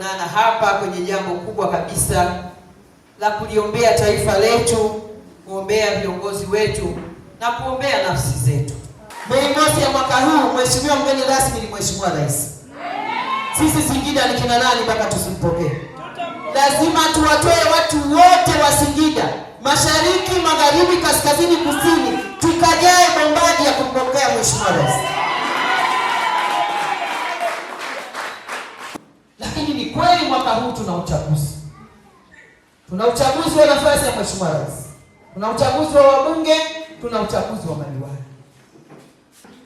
tunapoonana hapa kwenye jambo kubwa kabisa la kuliombea taifa letu, kuombea viongozi wetu na kuombea nafsi zetu. Mei Mosi ya mwaka huu, mheshimiwa mgeni rasmi ni mheshimiwa rais. Sisi Singida ni kina nani mpaka tusimpokee? Lazima tuwatoe watu wote wa Singida, mashariki, magharibi, kaskazini, kusini, tukajae bombadi ya kumpokea mheshimiwa rais. lakini ni kweli mwaka huu tuna uchaguzi, tuna uchaguzi wa nafasi ya mheshimiwa rais, tuna uchaguzi wa wabunge, tuna uchaguzi wa madiwani.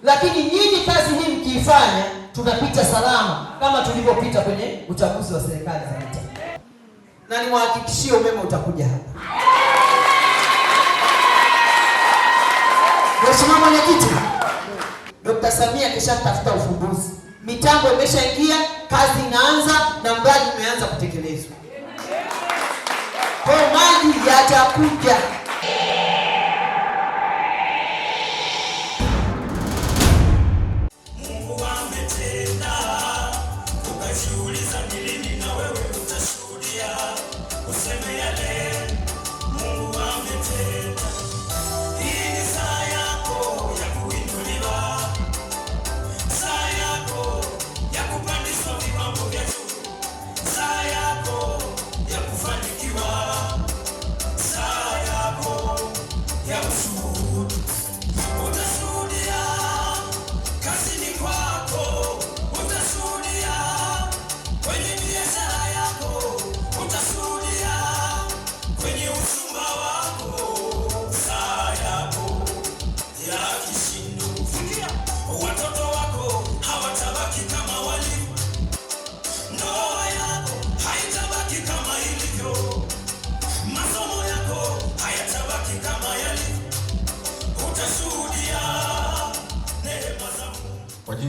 Lakini nyinyi kazi hii mkiifanya, tunapita salama kama tulivyopita kwenye uchaguzi wa serikali za mitaa, na niwahakikishie umeme utakuja hapa. Mheshimiwa Mwenyekiti, Dr. Samia kishatafuta ufumbuzi mitambo imeshaingia, kazi inaanza na mradi umeanza kutekelezwa, kwa maji yatakuja.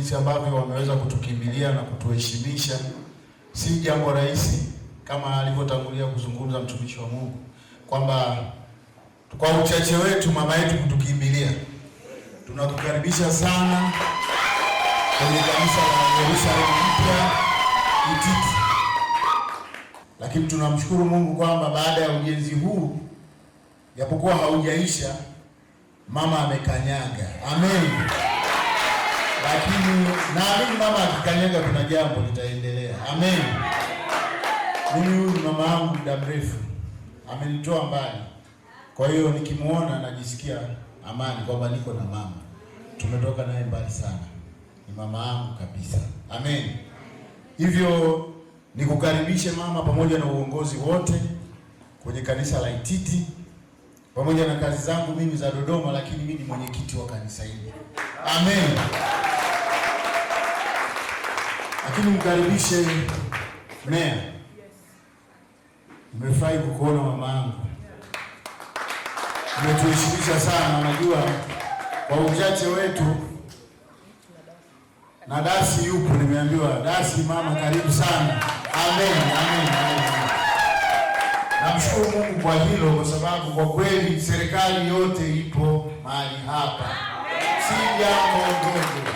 jinsi ambavyo wameweza kutukimbilia na kutuheshimisha si jambo rahisi, kama alivyotangulia kuzungumza mtumishi wa Mungu kwamba kwa uchache wetu mama yetu kutukimbilia. Tunakukaribisha sana kwenye kanisa la Yerusalemu mpya Ititi, lakini tunamshukuru Mungu kwamba baada ya ujenzi huu japokuwa haujaisha, mama amekanyaga. Amen lakini naamini mama akikanyaga, kuna jambo litaendelea. Amen. Mimi huyu mama yangu muda mrefu amenitoa mbali, kwa hiyo nikimwona najisikia amani kwamba niko na mama, tumetoka naye mbali sana, ni mama yangu kabisa. Amen. Hivyo nikukaribishe mama pamoja na uongozi wote kwenye kanisa la Ititi pamoja na kazi zangu mimi za Dodoma, lakini mimi ni mwenyekiti wa kanisa hili. Amen lakini mkaribishe meya. Nimefurahi kukuona mamaangu, umetuheshimisha sana. Najua kwa uchache wetu na dasi yupo, nimeambiwa dasi mama, karibu sana. Amen, amen, amen. Namshukuru Mungu kwa hilo, kwa sababu kwa kweli serikali yote ipo mahali hapa, si jambo dogo.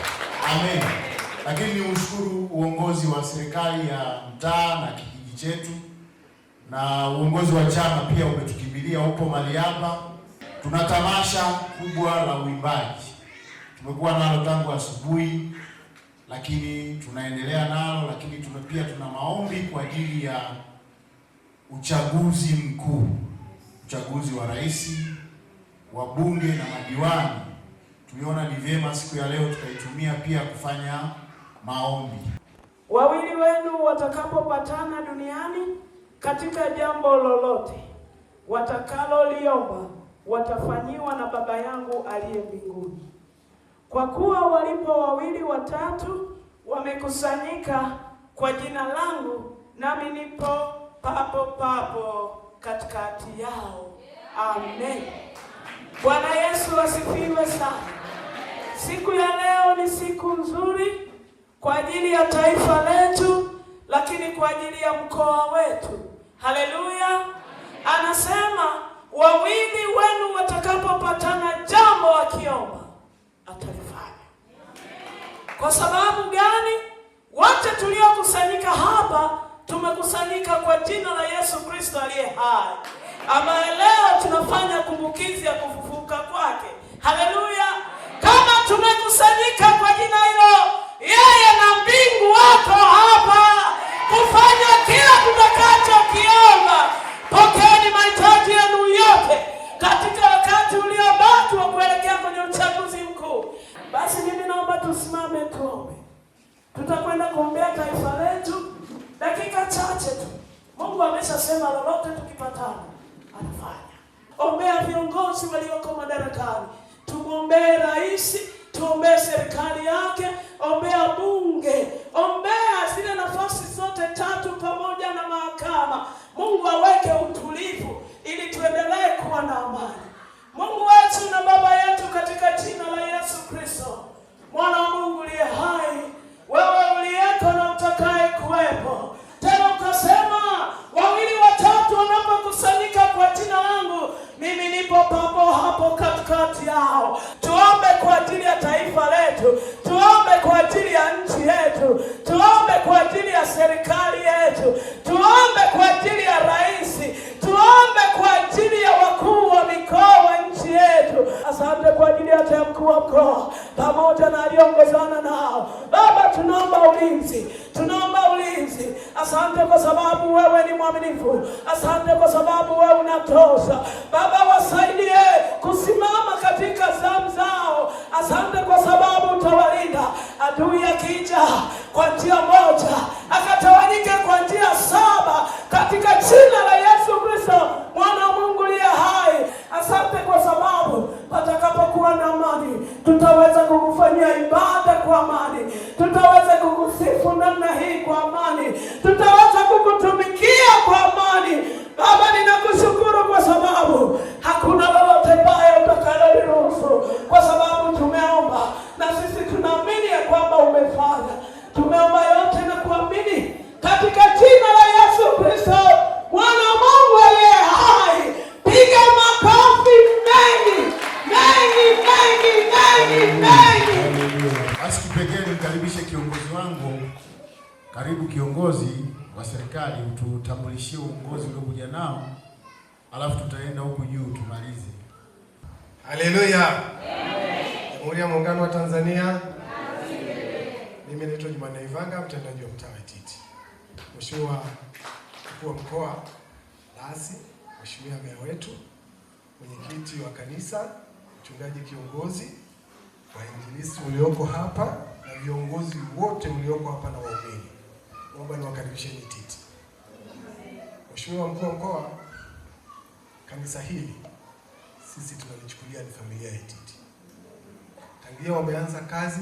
Amen. Lakini ni ushukuru uongozi wa serikali ya mtaa na kijiji chetu na uongozi wa chama pia umetukimbilia, upo mali hapa. Tuna tamasha kubwa la uimbaji, tumekuwa nalo tangu asubuhi, lakini tunaendelea nalo, lakini tuna pia tuna maombi kwa ajili ya uchaguzi mkuu, uchaguzi wa rais, wa bunge na madiwani. Tuliona ni vyema siku ya leo tukaitumia pia kufanya maombi. Wawili wenu watakapopatana duniani katika jambo lolote watakaloliomba watafanyiwa na Baba yangu aliye mbinguni. Kwa kuwa walipo wawili watatu wamekusanyika kwa jina langu, nami nipo papo papo katikati yao. Amen. Bwana Yesu asifiwe sana. Siku ya leo ni siku nzuri kwa ajili ya taifa letu, lakini kwa ajili ya mkoa wetu. Haleluya! Anasema wawili wenu watakapopatana jambo wakiomba, atalifanya. Kwa sababu gani? Wote tuliokusanyika hapa tumekusanyika kwa jina la Yesu Kristo aliye hai, ambaye leo tunafanya kumbukizi ya kufufuka kwake. Haleluya! Kama tumekusanyika kwa jina hilo yeye na mbingu wako hapa kufanya kila tutakachokiomba. Pokeeni mahitaji yenu yote katika wakati uliobaki wa kuelekea kwenye uchaguzi mkuu. Basi mimi naomba tusimame tuombe, tutakwenda kuombea taifa letu dakika chache tu. Mungu ameshasema lolote tukipatana anafanya. Ombea viongozi walioko madarakani, tumwombee rais tuombee serikali yake, ombea bunge, ombea zile nafasi zote tatu pamoja na mahakama. Mungu aweke utulivu ili tuendelee kuwa na amani. Mungu wetu na Baba yetu, katika jina la Yesu Kristo, mwana wa Mungu uliye hai, wewe uliyeko na utakaye kuwepo, tena ukasema wawili watatu wanapokusanyika kwa jina langu, mimi nipo papo hapo katikati yao. Tuombe kwa ajili ya taifa letu, tuombe kwa ajili ya nchi yetu, tuombe kwa ajili ya serikali yetu, tuombe kwa ajili ya rais, tuombe kwa ajili ya wakuu wa mikoa wa nchi yetu. Asante kwa ajili ya mkuu wa mkoa pamoja na aliongozana nao. Baba, tunaomba ulinzi sababu wewe ni mwaminifu. Asante kwa sababu wewe unatosha. Baba, wasaidie kusimama katika zamu zao. Asante kwa sababu utawalinda adui akija kwa njia moja akata alafu tutaenda huku juu tumalize. Haleluya! Jamhuri ya Muungano wa Tanzania. Mimi naitwa Jumanne Ivanga, mtendaji wa mtaa wa Ititi. Mheshimiwa mkuu wa mkoa Lasi, Mheshimiwa meya wetu, mwenyekiti wa kanisa, mchungaji kiongozi, wainjilisti ulioko hapa na viongozi wote mlioko hapa na waumini, naomba niwakaribisheni titi Mheshimiwa mkuu wa mkoa Kanisa hili sisi tunalichukulia ni familia ya Ititi. Tangia wameanza kazi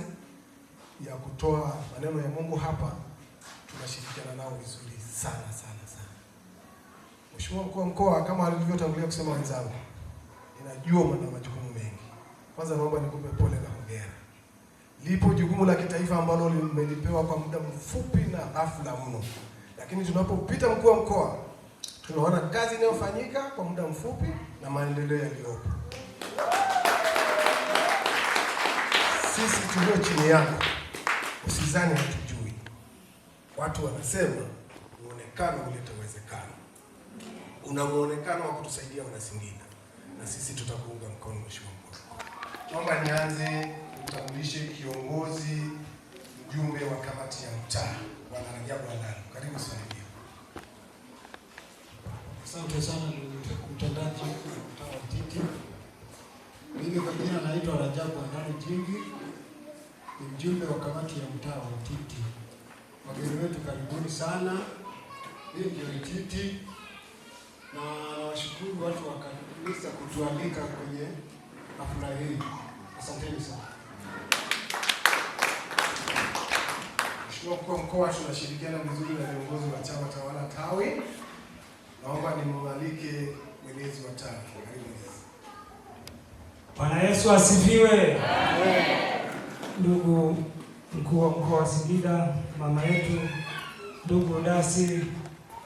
ya kutoa maneno ya Mungu hapa, tunashirikiana nao vizuri sana sana sana. Mheshimiwa mkuu wa mkoa, kama alivyotangulia kusema wenzangu, ninajua mna majukumu mengi. Kwanza naomba nikupe pole na hongera. Lipo jukumu la kitaifa ambalo limelipewa kwa muda mfupi na ghafla mno, lakini tunapopita mkuu wa mkoa tunaona kazi inayofanyika kwa muda mfupi na maendeleo yaliyopo. Sisi tulio chini yako, usizani hatujui. Watu wanasema muonekano huleta uwezekano. Una muonekano wa kutusaidia Wanasingida, na sisi tutakuunga mkono. Mheshimiwa Mkuu, naomba nianze utambulishe kiongozi mjumbe wa kamati ya mtaa, Bwana Rajabu Alalu, karibu sana. Asante sana mtendaji mtaa wa titi Mimi kwa jina naitwa Rajabu Andani Jingi, ni mjumbe wa kamati ya mtaa wa titi Wageni wetu karibuni sana, hii ndio Titi na nawashukuru watu wa kanisa kutualika kwenye hafla hii. Asanteni sana. Mheshimiwa Mkuu wa Mkoa, tunashirikiana vizuri na viongozi wa chama tawala tawi Naomba nimwalike mwenyezi wa tatu. Bwana Yesu asifiwe. Amen. Ndugu mkuu wa mkoa wa Singida, mama yetu, ndugu dasi,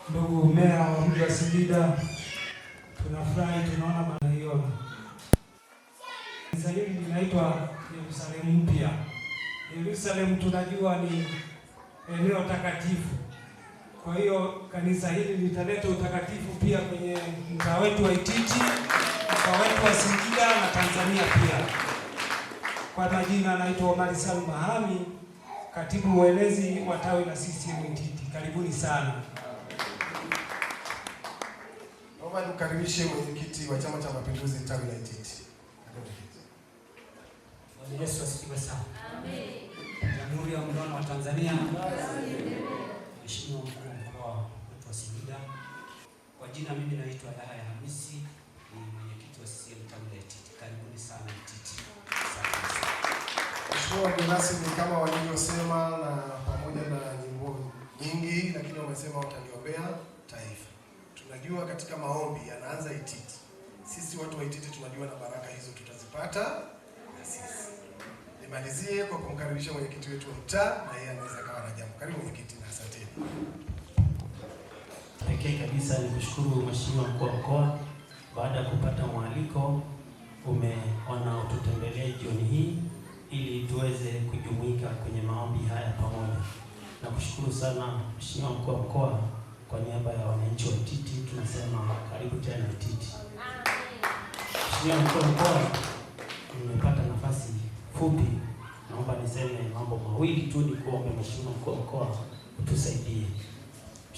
ndugu meya wa mji wa Singida, tunafurahi tunaona bana hiyo. Kanisa hili linaitwa Yerusalemu mpya. Yerusalemu tunajua ni eneo takatifu kwa hiyo kanisa hili litaleta utakatifu pia kwenye mtaa wetu wa Ititi, mtaa wetu wa Singida na Tanzania pia. Kwa majina anaitwa Omari Salum Mahami, katibu mwelezi wa tawi la CCM Ititi. Karibuni sana. Naomba nimkaribishe mwenyekiti wa Chama cha Mapinduzi tawi la Ititi. Bwana Yesu asifiwe sana. Amen. Jamhuri ya Muungano wa Tanzania. Amen. Mheshimiwa zangu. Kwa jina mimi naitwa Yahaya Hamisi, ni mwenyekiti wa CCM tawi ya Ititi. Karibuni sana Ititi. Mheshimiwa mgeni rasmi, kama walivyosema na pamoja na nyimbo nyingi, lakini wamesema wataliombea taifa. Tunajua katika maombi yanaanza Ititi. Sisi watu wa Ititi tunajua na baraka hizo tutazipata na sisi. Nimalizie kwa kumkaribisha mwenyekiti wetu wa mtaa, na yeye anaweza kawa na jambo. Karibu mwenyekiti, na asanteni pekee kabisa ni kushukuru Mheshimiwa mkuu wa mkoa, baada ya kupata mwaliko umeona ututembelee jioni hii ili tuweze kujumuika kwenye maombi haya pamoja. Na kushukuru sana Mheshimiwa mkuu wa mkoa, kwa niaba ya wananchi wa titi tunasema karibu tena titi Mheshimiwa mkuu wa mkoa, nimepata nafasi fupi, naomba niseme mambo mawili tu, ni kuombe Mheshimiwa mkuu wa mkoa utusaidie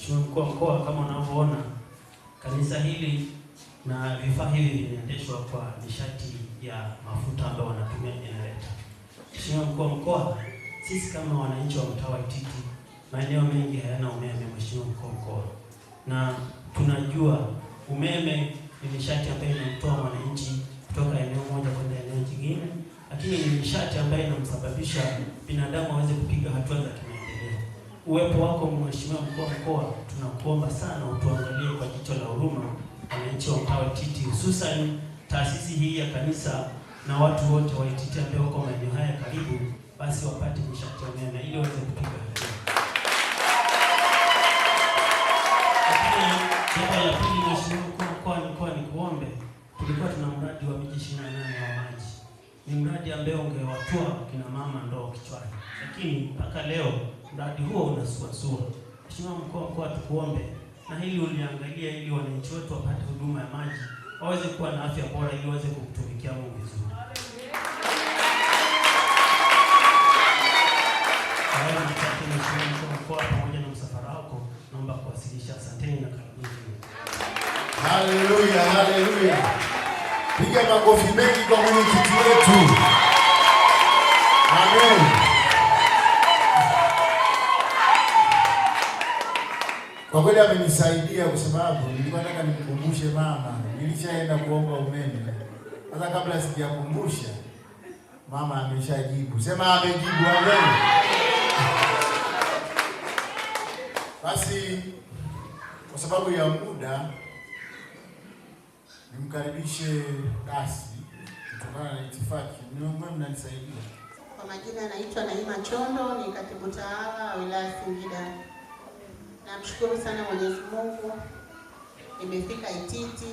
Mheshimiwa Mkuu wa Mkoa, kama unavyoona kanisa hili na vifaa hivi vinaendeshwa kwa nishati ya mafuta ambayo wanatumia jenereta. Mheshimiwa Mkuu wa Mkoa, sisi kama wananchi wa mtaa wa Itigi, maeneo mengi hayana umeme, Mheshimiwa Mkuu wa Mkoa, na tunajua umeme ni nishati ambayo inamtoa mwananchi kutoka eneo moja kwenda eneo jingine, lakini ni nishati ambayo inamsababisha binadamu aweze kupiga hatua za uwepo wako Mheshimiwa mkuu wa mkoa, tunakuomba sana utuangalie kwa jicho la huruma wananchi wa mkoa wa Ititi, hususan taasisi hii ya kanisa na watu wote wa Ititi ambao wako maeneo haya karibu, basi wapate nishati ya mema ili waweze kupiga Jambo la pili, Mheshimiwa mkuu wa mkoa, nilikuwa nikuombe, tulikuwa tuna mradi wa miji ishirini wa maji, ni mradi ambao ungewatua kina mama ndoo kichwani, lakini mpaka leo mradi huo unasuasua. Mheshimiwa mkuu wa mkoa, tukuombe na hili uliangalia, ili wananchi wetu wapate huduma ya maji, waweze kuwa na afya bora, ili waweze kumtumikia Mungu vizuri. Pamoja na msafara wako, naomba kuwasilisha. Haleluya, haleluya! Piga makofi mengi kwa mwenyekiti wetu. Amen. Kwa kweli amenisaidia kwa sababu nilikuwa nataka nimkumbushe mama, nilishaenda kuomba umeme. Sasa kabla sijakumbusha, mama ameshajibu. Sema amejibu amen. Basi kwa sababu ya muda nimkaribishe basi kutokana na itifaki. Mwe mnanisaidia. Kwa majina anaitwa Naima Chondo, ni katibu tawala wilaya Singida. Namshukuru sana Mwenyezi Mungu, nimefika Ititi.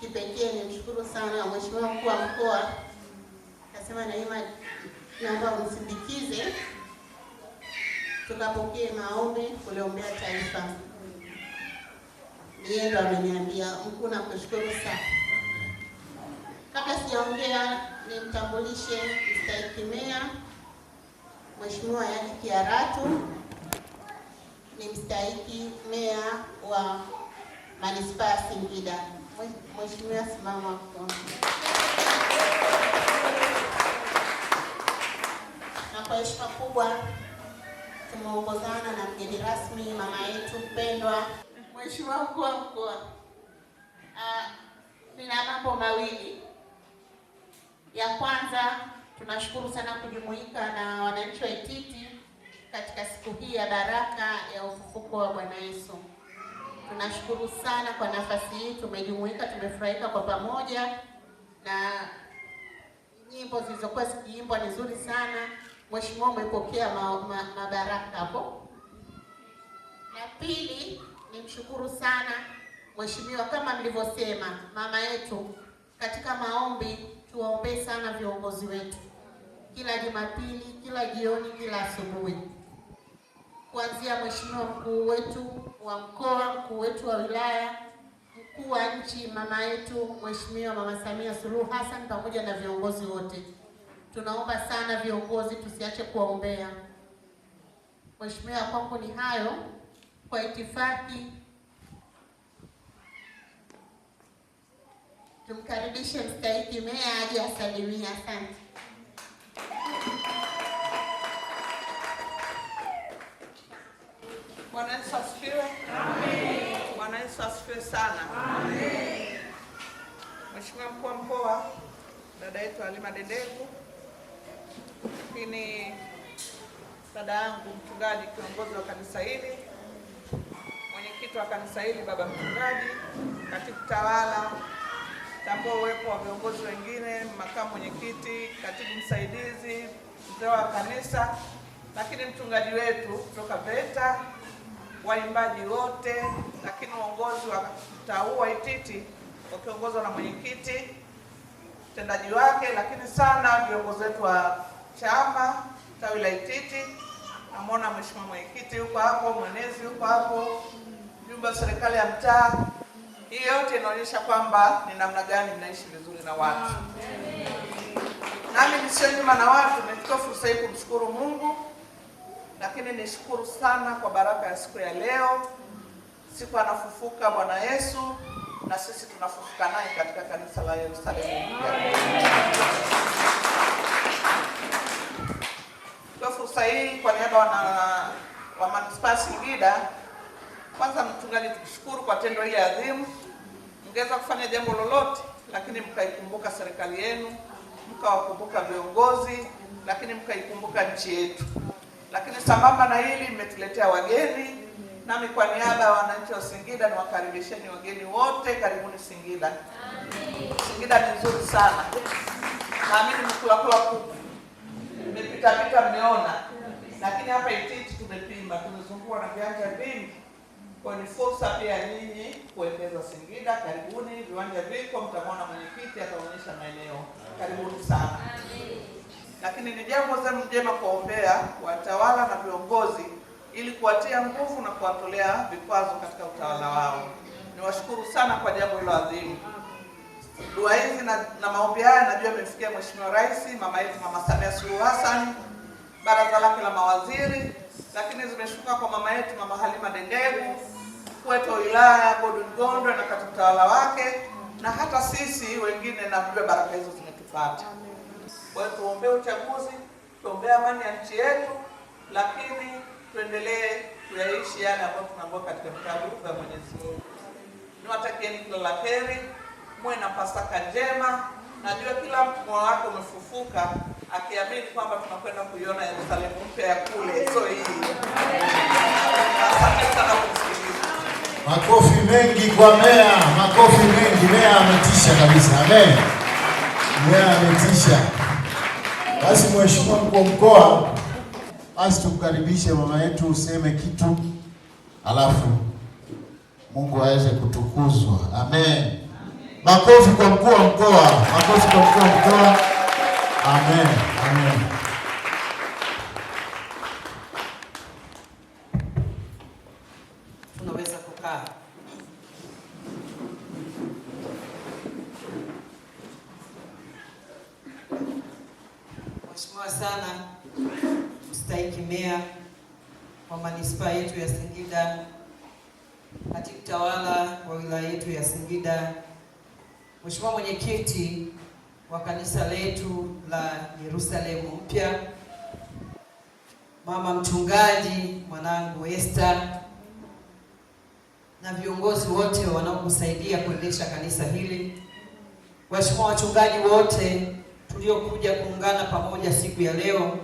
Kipekee nimshukuru sana Mheshimiwa mkuu wa mkoa, kasema Naima, naomba umsindikize tukapokee maombi kuliombea taifa. Yeye ndo ameniambia mkuu, nakushukuru sana. Kabla sijaongea, nimtambulishe mstahiki meya Mheshimiwa Yadi Kiaratu ni mstahiki meya wa manispaa Singida. Mheshimiwa, simama. Na kwa heshima kubwa tumeongozana na mgeni rasmi mama yetu mpendwa, Mheshimiwa mkuu wa mkoa, nina mambo mawili. Ya kwanza tunashukuru sana kujumuika na wananchi wa Ititi katika siku hii ya baraka ya ufufuko wa Bwana Yesu. Tunashukuru sana kwa nafasi hii, tumejumuika, tumefurahika kwa pamoja, na nyimbo zilizokuwa zikiimbwa ni nzuri sana. Mheshimiwa, umepokea mabaraka hapo. La pili nimshukuru sana Mheshimiwa, kama mlivyosema mama yetu katika maombi, tuwaombee sana viongozi wetu kila Jumapili, kila jioni, kila asubuhi kuanzia mheshimiwa mkuu wetu wa mkoa, mkuu wetu wa wilaya, mkuu wa nchi, mama yetu mheshimiwa Mama Samia Suluhu Hassan pamoja na viongozi wote. Tunaomba sana viongozi, tusiache kuwaombea. Mheshimiwa, kwangu ni hayo. Kwa itifaki tumkaribishe mstahiki meya aje asalimie. Asante. asifiwe sana. Amen. Mheshimiwa mkuu wa mkoa, dada yetu Halima Dendevu, lakini dada yangu mchungaji kiongozi wa kanisa hili, mwenyekiti wa kanisa hili baba mchungaji, katibu tawala, tambua uwepo wa viongozi wengine, makamu mwenyekiti, katibu msaidizi, mzee wa kanisa, lakini mchungaji wetu kutoka VETA, waimbaji wote lakini uongozi wa mtaa huu wa Ititi ukiongozwa na mwenyekiti mtendaji wake, lakini sana viongozi wetu wa chama tawi la Ititi, namwona mheshimiwa mwenyekiti yuko hapo, mwenezi yuko hapo, mjumbe wa serikali ya mtaa. Hii yote inaonyesha kwamba ni namna gani mnaishi vizuri na watu. Nami nisio nyuma na watu, nimechukua fursa hii kumshukuru Mungu, lakini nishukuru sana kwa baraka ya siku ya leo siku anafufuka Bwana Yesu, na sisi tunafufuka naye katika kanisa la Yerusalemu. Kwa fursa hii, kwa niaba wana wa manispaa Singida, kwanza mchungaji, tukushukuru kwa tendo hili adhimu. Mngeweza kufanya jambo lolote, lakini mkaikumbuka serikali yenu, mkawakumbuka viongozi, lakini mkaikumbuka nchi yetu. Lakini sambamba na hili, mmetuletea wageni Nami kwa niaba ya wananchi wa Singida niwakaribisheni wageni wote, karibuni Singida. Amen. Singida ni nzuri sana, naamini mkulakula kuku, pita, mmeona, lakini hapa Ititi tumepima, tumezungukwa na viwanja vingi, kwa ni fursa pia nyinyi kuendeza Singida. Karibuni, viwanja viko, mtamwona mwenyekiti ataonyesha maeneo. Karibuni sana. Amen. Lakini ni jambo zenu jema kuombea watawala na viongozi ili kuwatia nguvu na kuwatolea vikwazo katika utawala wao. Niwashukuru sana kwa jambo hilo adhimu. Dua hizi na, na maombi haya najua imemfikia Mheshimiwa Rais mama yetu Mama Samia Suluhu Hassan, baraza lake la mawaziri, lakini zimeshuka kwa mama yetu Mama Halima Dendegu, kwetu wilaya Godwin Gondwe na katika utawala wake, na hata sisi wengine najua baraka hizo zimetupata. Kwa hiyo tuombee uchaguzi, tuombee amani ya nchi yetu, lakini tuendelee kuyaishi yale ambayo tunaambiwa katika vitabu vya Mwenyezi Mungu. Niwatakieni kila la heri, muwe na Pasaka njema. Najua kila moyo wako umefufuka akiamini kwamba tunakwenda kuiona Yerusalemu mpya ya kule, so hii. Asante sana kusikiliza. Makofi mengi kwa Meya, makofi mengi. Meya ametisha kabisa. Amen. Meya ametisha. Basi Mheshimiwa mkuu wa mkoa basi tumkaribishe mama yetu, useme kitu alafu Mungu aweze kutukuzwa. Amen, amen. Makofi kwa mkuu wa mkoa, makofi kwa mkuu wa mkoa. Amen, amen. wa manispaa yetu ya Singida, katibu tawala wa wilaya yetu ya Singida, Mheshimiwa mwenyekiti wa kanisa letu la Yerusalemu Mpya, mama mchungaji, mwanangu Esther na viongozi wote wanaokusaidia kuendesha kanisa hili, waheshimiwa wachungaji wote tuliokuja kuungana pamoja siku ya leo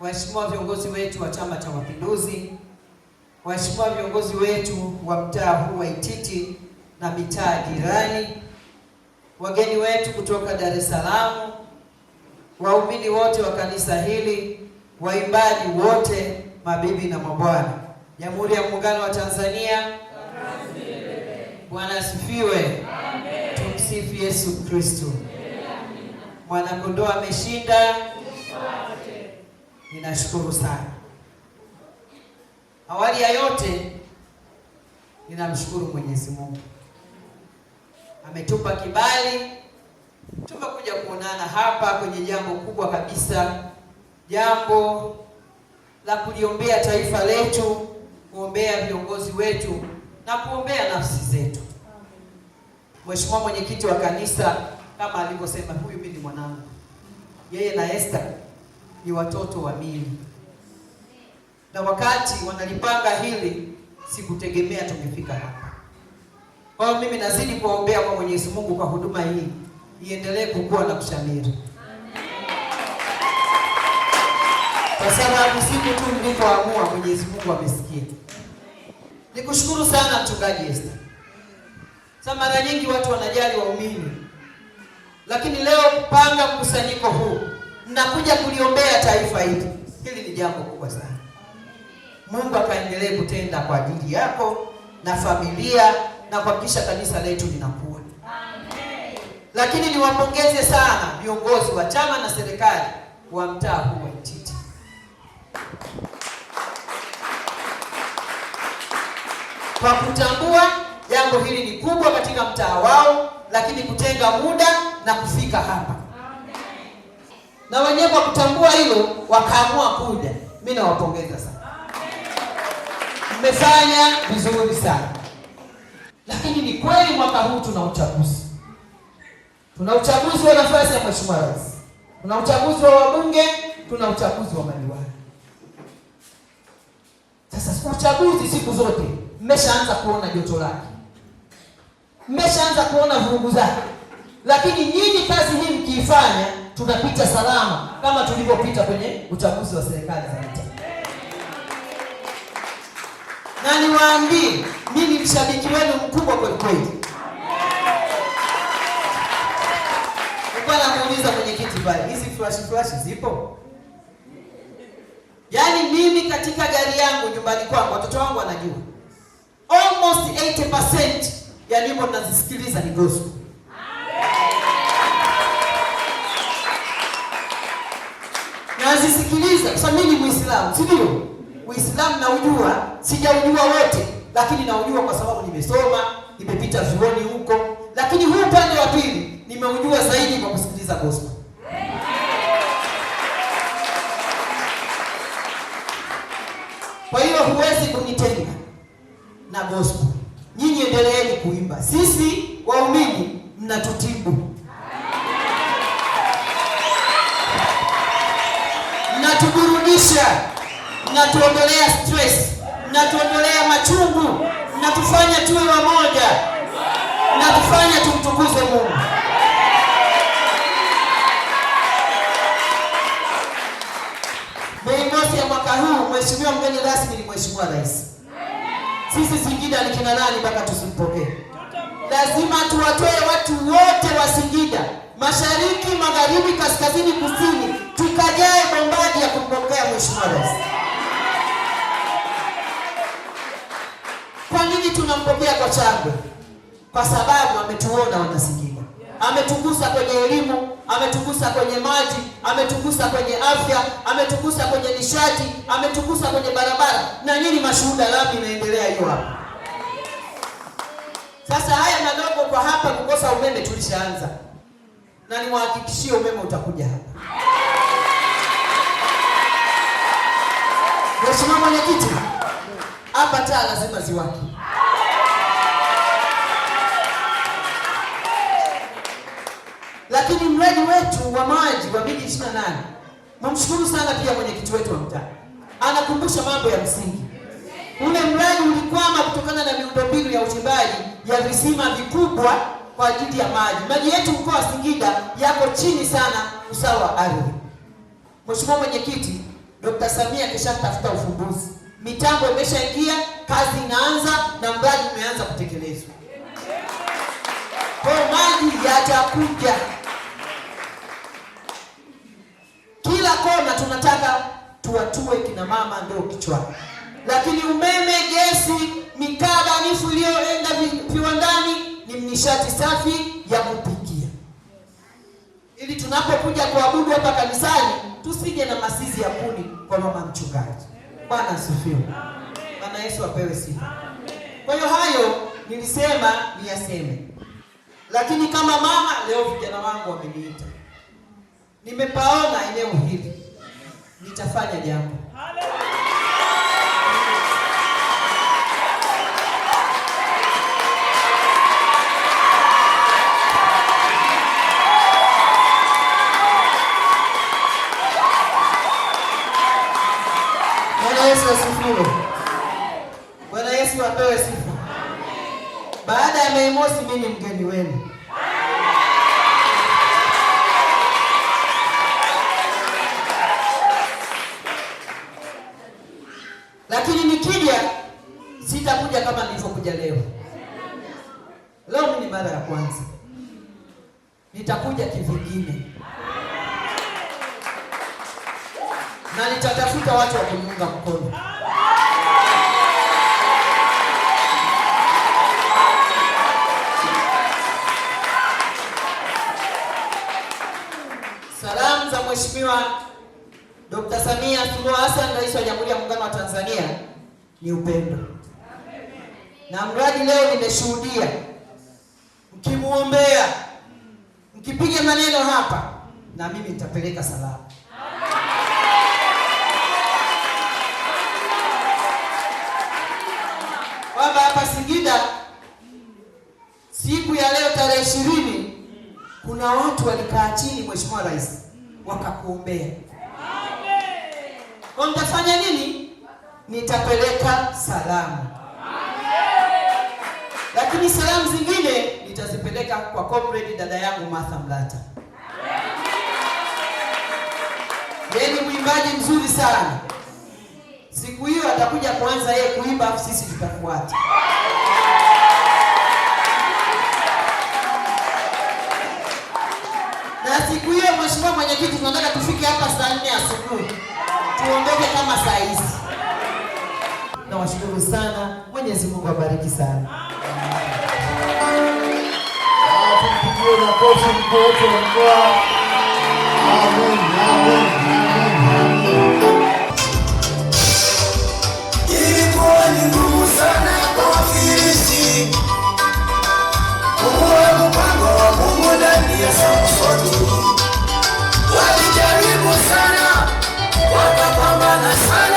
waheshimiwa viongozi wetu wa Chama cha Mapinduzi, waheshimiwa viongozi wetu wa mtaa huu wa Ititi na mitaa jirani, wageni wetu kutoka Dar es Salaam, waumini wote wa kanisa hili, waimbaji wote, mabibi na mabwana, Jamhuri ya Muungano wa Tanzania, Bwana asifiwe. Tumsifu Yesu Kristo. Mwanakondoo ameshinda ninashukuru sana. Awali ya yote ninamshukuru Mwenyezi Mungu ametupa kibali, tumekuja kuonana hapa kwenye jambo kubwa kabisa, jambo la kuliombea taifa letu, kuombea viongozi wetu na kuombea nafsi zetu. Mheshimiwa mwenyekiti wa kanisa, kama alivyosema, huyu mimi ni mwanangu, yeye na Esther ni watoto wa mili, na wakati wanalipanga hili sikutegemea tumefika hapa. Kwa hiyo mimi nazidi kuombea kwa Mwenyezi Mungu kwa huduma hii iendelee kukua na kushamiri, kwa sababu siku tu nilipoamua Mwenyezi Mungu amesikia. Nikushukuru sana Mchungaji Esther. Sa mara nyingi watu wanajali waumini, lakini leo kupanga mkusanyiko huu nakuja kuliombea taifa hili. Hili ni jambo kubwa sana. Mungu akaendelee kutenda kwa ajili yako na familia na kuhakikisha kanisa letu linakuwa. Amen. Lakini niwapongeze sana viongozi wa chama na serikali wa mtaa huu wa Ititi. Kwa kutambua jambo hili ni kubwa katika mtaa wao, lakini kutenga muda na kufika hapa na wenyewe kwa kutambua hilo wakaamua kuja. Mimi nawapongeza sana, mmefanya vizuri sana. Lakini ni kweli mwaka huu tuna uchaguzi, tuna uchaguzi wa nafasi ya mheshimiwa rais, tuna uchaguzi wa wabunge, tuna uchaguzi wa madiwani. Sasa uchaguzi siku zote mmeshaanza kuona joto lake, mmeshaanza kuona vurugu zake, lakini nyinyi kazi hii mkiifanya tunapita salama kama tulivyopita kwenye uchaguzi wa serikali za mitaa. Na niwaambie mimi mshabiki wenu mkubwa kweli kweli. Nilikuwa namuuliza mwenyekiti pale, hizi flash flash zipo? Yaani mimi katika gari yangu nyumbani kwangu watoto wangu wanajua almost 80% ya nyimbo nazisikiliza ni gospel. nazisikiliza kwa sababu mimi ni Muislamu, si ndio? Uislamu naujua, sijaujua wote, lakini naujua kwa sababu nimesoma, nimepita zuoni huko. Lakini huu upande wa pili nimeujua zaidi kwa kusikiliza gospel. Kwa nini tunampokea kwa shangwe? Kwa sababu ametuona Wanasingida, ametugusa kwenye elimu, ametugusa kwenye maji, ametugusa kwenye afya, ametugusa kwenye nishati, ametugusa kwenye barabara, na nyinyi mashuhuda, lami inaendelea hiyo hapa. Sasa haya madogo kwa hapa, kukosa umeme tulishaanza, na niwahakikishie umeme utakuja hapa. Mheshimiwa Mwenyekiti, hapa taa lazima ziwake. lakini mradi wetu wa maji wa miji ishirini na nane namshukuru sana pia mwenyekiti wetu wa mtaa anakumbusha mambo ya msingi. Ule mradi ulikwama kutokana na miundombinu ya uchimbaji ya visima vikubwa kwa ajili ya maji. Maji yetu mkoa wa Singida yako chini sana usawa wa ardhi. Mheshimiwa Mwenyekiti, Dr. Samia kishatafuta ufumbuzi, mitambo imeshaingia, kazi inaanza na mradi umeanza kutekelezwa. Kwa maji yatakuja. Kila kona tunataka tuwatue kina mama ndio kichwa, lakini umeme, gesi, mikaa banifu iliyoenda viwandani ni nishati safi ya kupikia, ili tunapokuja kuabudu hapa kanisani tusije na masizi ya kuni kwa mama mchungaji. Bwana asifiwe. Bwana Yesu apewe sifa. Kwa hiyo hayo nilisema niyaseme, lakini kama mama leo vijana wangu wameniita nimepaona eneo hili, nitafanya jambo. Bwana Yesu asifiwe. Bwana Yesu apewe sifa. Baada ya Mei Mosi, mimi mgeni wenu ni upendo, na mradi leo nimeshuhudia mkimwombea, mkipiga maneno hapa, na mimi nitapeleka salamu. kwamba hapa Singida siku ya leo tarehe ishirini kuna watu walikaa chini, Mheshimiwa Rais, wakakuombea. Mtafanya nini? nitapeleka salamu, lakini salamu zingine nitazipeleka kwa comrade dada yangu Martha Mlata. Yeye ni mwimbaji mzuri sana. Siku hiyo atakuja kuanza yeye kuimba, afu sisi tutafuata. Na siku hiyo, mheshimiwa mwenyekiti, tunataka tufike hapa saa nne asubuhi tuondoke kama saa hizi. Tunawashukuru sana. Mwenyezi Mungu abariki sana. Ilikuwa Walijaribu sana, wakapambana sana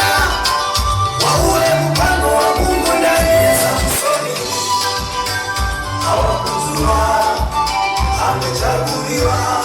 We are.